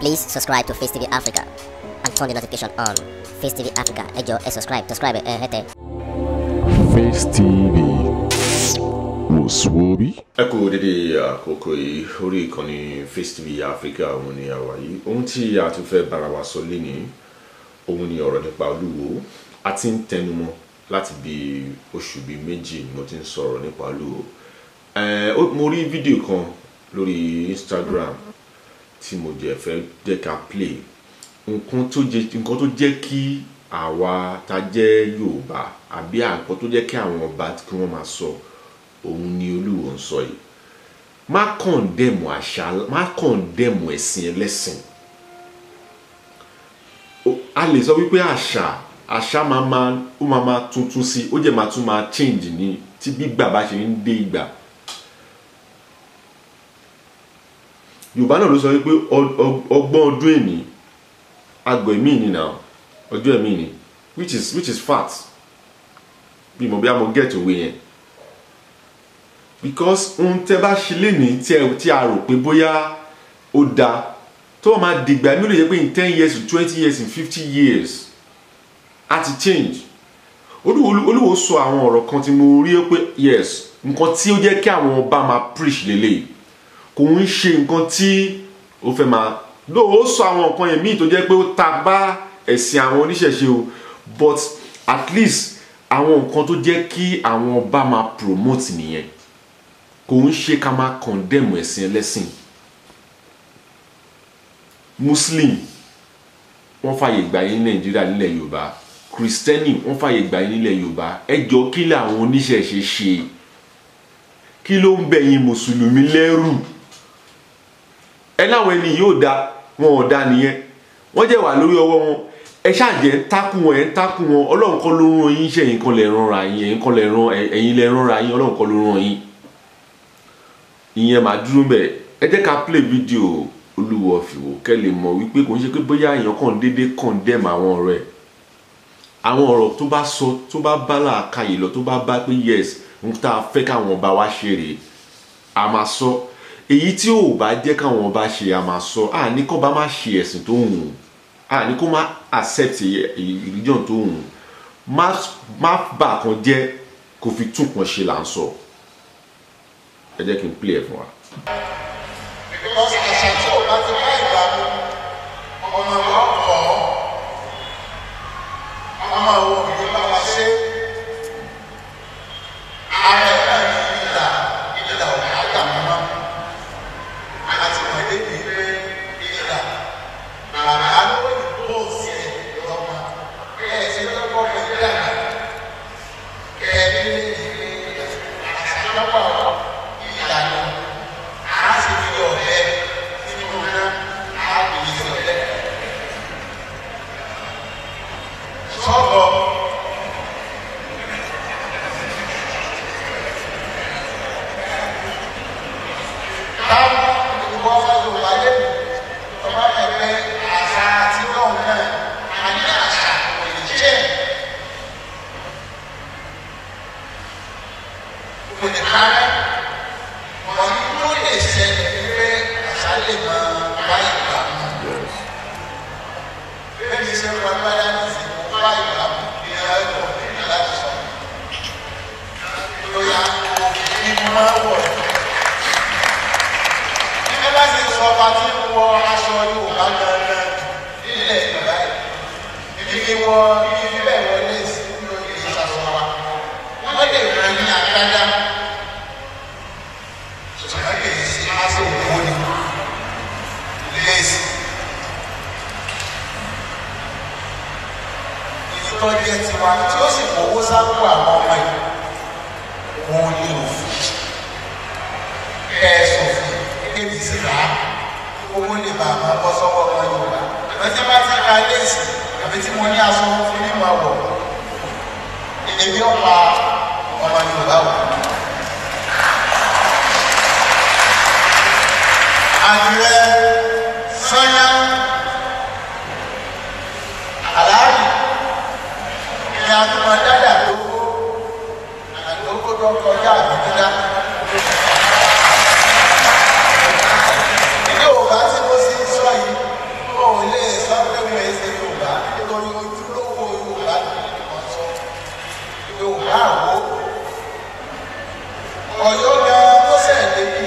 Please subscribe to Face TV Africa and turn the notification on. Face TV Africa, ẹ jọ̀ọ́ subscribe, subscribe eh? hẹ́tẹ̀. Face TV wò sùwọ́ bí. ẹ kú dédé àkókò yìí orí ìkànnì Face TV Africa òun ni àwa yìí ohun tí a tún fẹ́ bára wa sọ lé ní òun ni ọ̀rọ̀ nípa Olúwo a ti ń tẹnumọ́ láti bí oṣù bíi méjì mo ti ń sọ̀rọ̀ nípa Olúwo mo rí fídíò kan lórí Instagram. Mm -hmm tí mo jẹ́ fẹ́ jẹ́ ká play nǹkan tó jẹ́ nǹkan tó jẹ́ kí àwa ta jẹ́ Yorùbá àbí àǹkan tó jẹ́ kí àwọn ọba kí wọ́n máa sọ òun ni Olúwo ń sọ yìí má kọ̀ǹdẹ̀mù àṣà má kọ̀ǹdẹ̀mù ẹ̀sìn ẹlẹ́sìn a lè sọ wípé àṣà àṣà máa máa ó máa máa tuntun sí ó jẹ́ máa tún máa change ní ti gbígbà bá ṣe ń dé ìgbà yorùbá náà ló sọ wípé ọgbọ́n ọdún èmi àgọ́ èmi ni now ọjọ́ èmi ni which is which is fact bí mo bí a mo get òwe yẹn because ohun tẹ́ bá ṣe lénìí tí a rò pé bóyá ó dáa tó o máa dìgbà mi ò lè pé in ten years in twenty years in fifty years a ti change olúwo sọ àwọn ọ̀rọ̀ kan tí mo rí pé yes nǹkan tí ó jẹ́ kí àwọn ọba máa preach lélẹ́yìí kò ń ṣe nǹkan tí ó fẹ́ máa lò ó sọ àwọn nǹkan yẹn míì tó jẹ́ pé ó ta bá ẹ̀sìn àwọn oníṣẹ̀ṣe o but at least àwọn nǹkan tó jẹ́ kí àwọn ọba máa promote nìyẹn kò ń ṣe ká máa condemn ẹ̀sìn ẹlẹ́sìn muslim wọ́n fàyè gbà yín ní nàìjíríà nílẹ̀ yorùbá kristẹni wọ́n fàyè gbà yín nílẹ̀ yorùbá ẹ kí làwọn oníṣẹ̀ṣe ṣe kí ló ń bẹ̀yìn mùsùlùmí lẹ́rù ẹ láwọn ẹni yóò da wọn ò da nìyẹn wọ́n jẹ́ wà lórí ọwọ́ wọn ẹ ṣáàjẹ́ ń takú wọn ẹ̀ ń takú wọn ọlọ́run kọ́ ló rán yín ṣe ẹ̀yin kan lè ránra yín ẹ̀yin kan lè rán ẹ̀yin lè ránra yín ọlọ́run kọ́ ló rán yín ìyẹn màá dúró bẹ̀ ẹ jẹ́ ká play video Olúwọ̀fìwò kẹ́ lè mọ̀ wípé kò ń ṣe pé bóyá èèyàn kàn déédé condemn àwọn ọ̀rọ̀ ẹ̀ àwọn ọ̀rọ̀ tó bá sọ tó bá bá làákàyè lọ tó bá bá pé yes n tá a fẹ́ káwọn ọba wa ṣe rèé a máa sọ so, èyí tí ò bá jẹ́ káwọn ọba ṣe a máa sọ a ní kó bá má ṣe ẹ̀sìn tó wù ú a ní kó má accept religion tó wù ú má bà kan jẹ́ kó fi tún ṣe là ń sọ ẹ jẹ́ kí n play ẹ̀ fún wa. Só iye wọn iye bíbẹ̀ wọn lé sí iye ìṣàṣọ wa wọ́n lè rẹ̀ ní àdáda ṣùgbọ́n wọ́n lè ṣe aṣọ òwò ni lé sí. ìtọ́jú ẹ ti wá tí ó sì fowó sáńkó àwọn ọmọ yìí wọ́n ní òfin ẹ̀sùn kébì sí rà á owó lè bá àwọn ọkọ sọ́wọ́ ọmọ Yorùbá ẹ̀fẹ́ tí àbí tí mo ní aṣọ fún mi máa wọ̀ èmi ọ̀la ọmọ Yorùbá wò. àdìrẹ sọyá aláàbì ni a tún ọ̀yọ́ gan tó sẹ̀ débi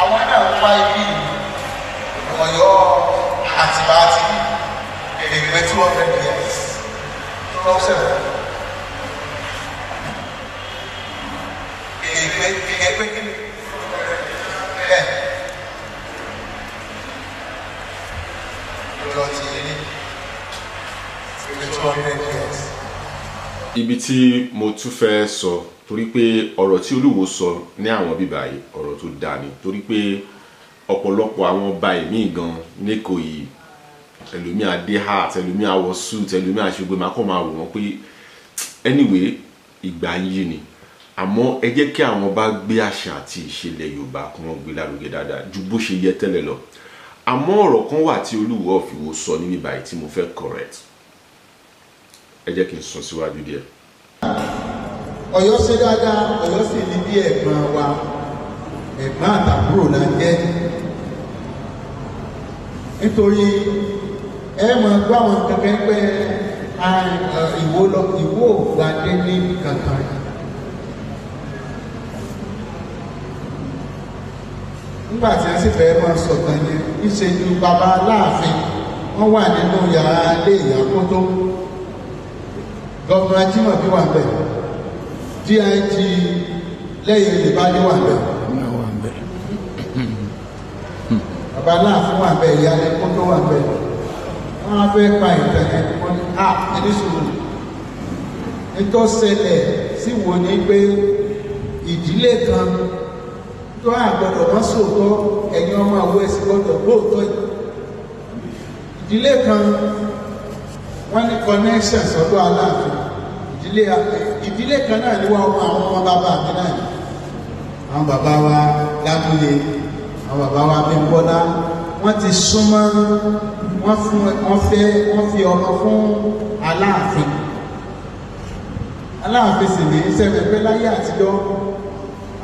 àwọn náà ń pa ibi ọ̀yọ́ àtìbá àti èrègbè two hundred years tó sẹ̀ wọ́n. èrègbè èrègbè kí ni bẹ́ẹ̀ lọ́ọ́ ti yé ní èrègbè two hundred years ibi tí mo tún fẹ́ sọ torí pé ọ̀rọ̀ tí olúwo sọ ní àwọn bíbá yìí ọ̀rọ̀ tó dáa ni torí pé ọ̀pọ̀lọpọ̀ àwọn ọba ìmíì gan lẹ́kọ̀ọ́ yìí ẹlòmíì adé hat ẹlòmíì awọ suit ẹlòmíì aṣogbe máa kọ́ máa wò wọ́n pé anyway ìgbà ń ni àmọ́ ẹ jẹ́ kí àwọn bá gbé àṣà àti ìṣẹ̀lẹ̀ Yorùbá kí wọ́n gbé lárugẹ dáadáa ju bó ṣe yẹ tẹ́lẹ̀ lọ àmọ́ ọ̀rọ̀ kan wà tí olúwo ọ̀fìwò sọ níbi báyìí tí mo fẹ́ correct ẹ jẹ́ kí n sùn síwájú díẹ̀. Ọ̀yọ́ ṣe dáadáa Ọ̀yọ́ sì ní bí ẹ̀gbọ́n wa ẹ̀gbọ́n àtàbúrò la jẹ́ nítorí ẹ máa gbọ́ àwọn kankan pé ìwọ lọ ìwọ gbadé ní kankan. nígbà tí a sì fẹ́ máa sọ̀tàn yẹn ń ṣe ju baba aláàfin wọ́n wà nínú yàrá ilé ìyàkótó gọ́fúnra jimoh bí wà bẹ̀ DIG lẹ́yìn ìbájú wà bẹ̀. Hmm. bàbá aláàfin wà bẹ̀ ìyá lẹ́kọ́tọ́ wà bẹ̀ wọ́n á fẹ́ pa ìtàn ẹ̀ wọ́n ní à ẹni sùúrù ètò ṣẹlẹ̀ sí wo ni pé ìdílé kan tó àgbọ̀dọ̀ wọ́n sòótọ́ ẹ̀yin ọmọ àwọn ẹ̀sìn gbọ́dọ̀ gbóòótọ́ yìí ìdílé kan wọ́n ní connection sọ́dọ̀ aláàfin ìdílé ìdílé kan náà ni wọ́n àwọn ọmọ bàbá mi náà àwọn bàbá wa lábúlé àwọn bàbá wa Abímbọ́lá wọ́n ti súnmọ́ wọ́n fún wọ́n fẹ́ wọ́n fi ọmọ fún Aláàfin Aláàfin sì ní sẹ́fẹ̀ pé láyé àtijọ́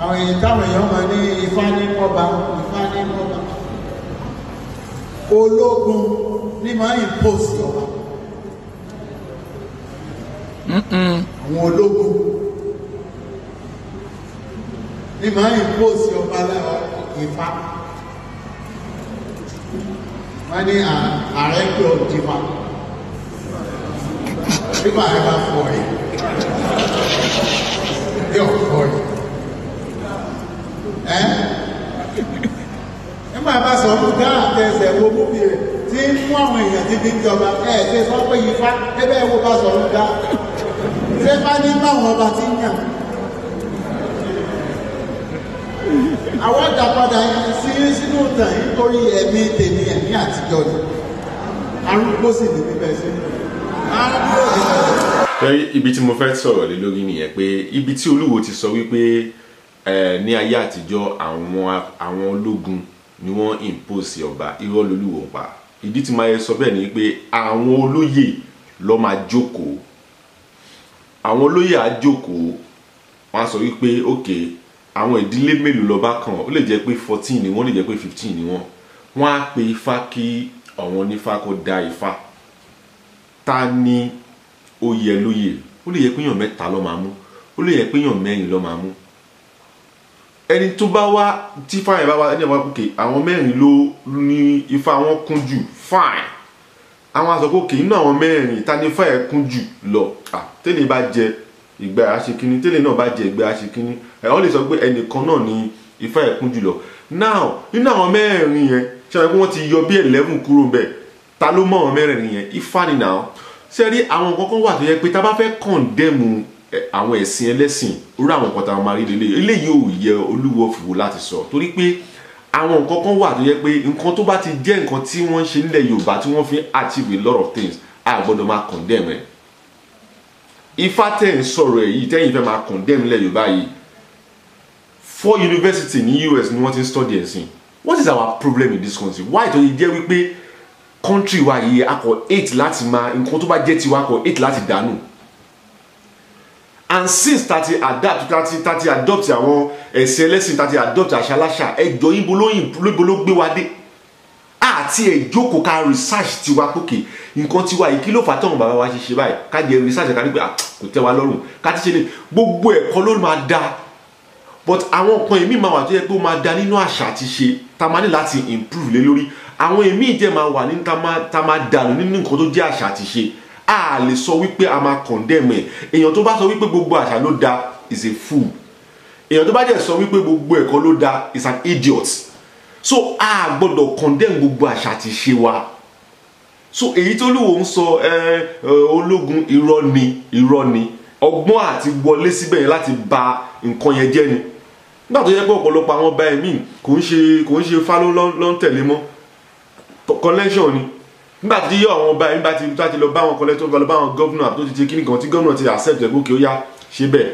àwọn èyí táwọn èèyàn mọ̀ ní Ifá ní mọ́ba Ifá ní mọ́ba ológun ní máa ń impose ọba àwọn ológun ní máa ń kó sí ọba láwọn ìfá wọ́n ní ààrẹ pé ọ dìbà dìbà rẹ bá fọ ẹ ní ọ̀fọ̀ ẹ ẹ máa bá sọ fún gáà tẹsẹ̀ wo búbi rẹ̀ tí ń mú àwọn èèyàn ti fi ń jọba ẹ̀ ṣe sọ pé yìí ẹ bẹ́ẹ̀ wo bá sọ fún gáà bá ní báwọn ọba ti ń yàn àwọn àjàpadà sí sínú ìtàn nítorí ẹ̀mí tèmi ẹ̀mí àtijọ́ ni arúgbó sì ní bíbẹ̀ sí arúgbó sì ní bíbẹ̀ sí ibi tí mo fẹ́ sọ̀rọ̀ lé lórí nìyẹn pé ibi tí olúwo ti sọ wípé ní ayé àtijọ́ àwọn àwọn ológun ni wọ́n impose ọba irọ́ lolúwo ń pa ìdí tí máa yẹ sọ bẹ́ẹ̀ ni pé àwọn olóyè ló máa jókòó àwọn olóyè á jókòó wọn á sọ wípé ok àwọn ìdílé mélòó lọ́ba kan ó lè jẹ́ pé fourteen ni wọ́n lè jẹ́ pé fifteen ni wọ́n wọ́n á pe ifá kí àwọn onífá kó da ifá ta ni oyè lóyè ó lè yẹ pé èèyàn mẹ́ta ló máa mú ó lè yẹ pé èèyàn mẹ́rin ló máa mú ẹni tó bá wá tí fáyìn bá wá ẹni bá wá kókè àwọn mẹ́rin ló ní ifá wọn kún jù fáìn àwọn àsọkò kì í ná àwọn mẹ́rin ìtanifá ẹ̀ kún jù lọ tẹ́lẹ̀ bá jẹ ìgbà àṣekínní tẹ́lẹ̀ náà bá jẹ ìgbà àṣekínní ẹ̀ wọ́n lè sọ pé ẹnìkan náà ni ifá ẹ̀ kún jù lọ now nínú àwọn mẹ́rin yẹn ṣe wọn pé wọ́n ti yọ bí eleven kúrò bẹ́ẹ̀ ta ló mọ̀ àwọn mẹ́rin yẹn ifá ni now ṣe rí àwọn kankan wà tó yẹ pé tá a bá fẹ́ kọ̀ǹdẹ́mù àwọn ẹ̀sìn ẹlẹ́sìn orí àwọn kan tá a máa rí lélẹ̀ eléyìí ò yẹ olúwo àwọn nǹkan kan wà tó yẹ pé nǹkan tó bá ti jẹ́ nǹkan tí wọ́n ṣe nílẹ̀ Yorùbá tí wọ́n fi achieve a lot of things a gbọ́dọ̀ máa condemn ẹ̀ ifá tẹ̀ ń sọ̀rọ̀ ẹ̀ yìí tẹ́yìn fẹ́ máa condemn nílẹ̀ Yorùbá yìí four university ní US ni wọ́n ti ń study ẹ̀ sìn what is our problem in this country why tó yẹ jẹ́ wípé country wa yìí a kò hate láti máa nǹkan tó bá jẹ́ tiwa a kò hate láti dànù and since tati adapt tati tati adopt àwọn ẹ̀sìn ẹlẹ́sìn tati adopt àṣàláṣà ẹjọ́ ibo ló ibo ló gbé wa dé àti ẹ̀jókòó ká research tiwa kókè nǹkan tiwa yìí kí ló fà á tọ̀hún bàbá wa ṣe ṣe báyìí ká jẹ research ká ní pé ah, kò tẹ́ wa lọ́rùn ká ti ṣe lè gbogbo ẹ̀kọ́ ló máa da but àwọn nǹkan èmi máa wà tó yẹ pé ó máa da nínú àṣà àti ṣe ta máa ní láti improve lé lórí àwọn èmi ìjẹ́ máa wà ní ta máa dànù nínú nǹkan tó jẹ́ àṣà àti ṣe a lè sọ wípé a máa condemn ẹ̀ èèyàn tó bá sọ wípé gbogbo àṣà ló da is a fool èèyàn tó bá dẹ̀ sọ wípé gbogbo ẹ̀kọ́ ló da is an idiot so a gbọ́dọ̀ condemn gbogbo àṣà àti ṣe wa so èyí tó lùwò ń sọ ológun irọ́ ni irọ́ ni ọgbọ́n àti wọlé síbẹ̀ yẹn láti ba nǹkan yẹn jẹ́ ni nígbà tó yẹ pé ọ̀pọ̀lọpọ̀ àwọn ọba ẹ̀mí kò ń ṣe kò ń ṣe fá ló ń ni nígbà tí àwọn ọba yìí bá ti tó àti lọ bá àwọn kọlẹ́tọ̀ lọ bá àwọn gọ́vnà àti tó ti ṣe kíní kan tí gọ́vnà ti accept ẹ̀ gòkè ó yá ṣe bẹ́ẹ̀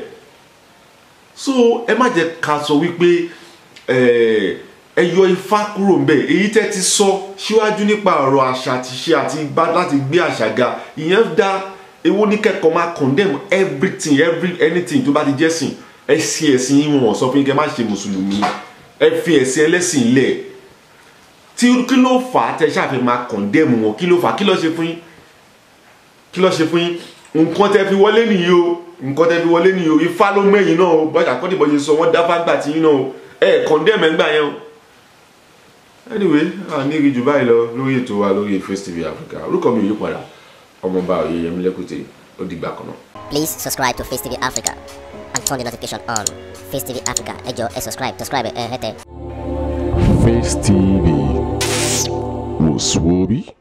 so ẹ má jẹ́ ká sọ wípé ẹ yọ ifá kúrò ń bẹ̀ èyí tẹ́ ti sọ síwájú nípa ọ̀rọ̀ àṣà àti ṣe àti bá láti gbé àṣà ga ìyẹn dá ewo ní kẹ́kọ̀ọ́ máa condemn everything every anything tó bá ti jẹ́sìn ẹ ṣe ẹ̀sìn yín wọn sọ fún yín kẹ́ má ṣe mùsùlùmí ẹ fi ẹ̀sìn ẹlẹ́sìn lẹ̀ tí kí ló fà á tẹ ṣáà fi máa kọ̀ndẹ́mù wọn kí ló fà á kí ló ṣe fún yín kí ló ṣe fún yín nǹkan tẹ fi wọlé nìyí o nǹkan tẹ fi wọlé nìyí o ifá ló mẹ́yìn náà o bọ́jà kọ́ dìbò ṣe sọ wọ́n dáfá gbà tí yín náà o ẹ kọ̀ndẹ́mù ẹgbà yẹn o. anyway a ní rí báyìí lọ lórí ètò wa lórí Face TV Africa orúkọ mi yóò padà ọmọọba Oyèyẹmí ó dìgbà kan náà. Please subscribe to Face Africa and turn the notification on Face Africa ẹ subscribe subscribe Face TV was Swobby.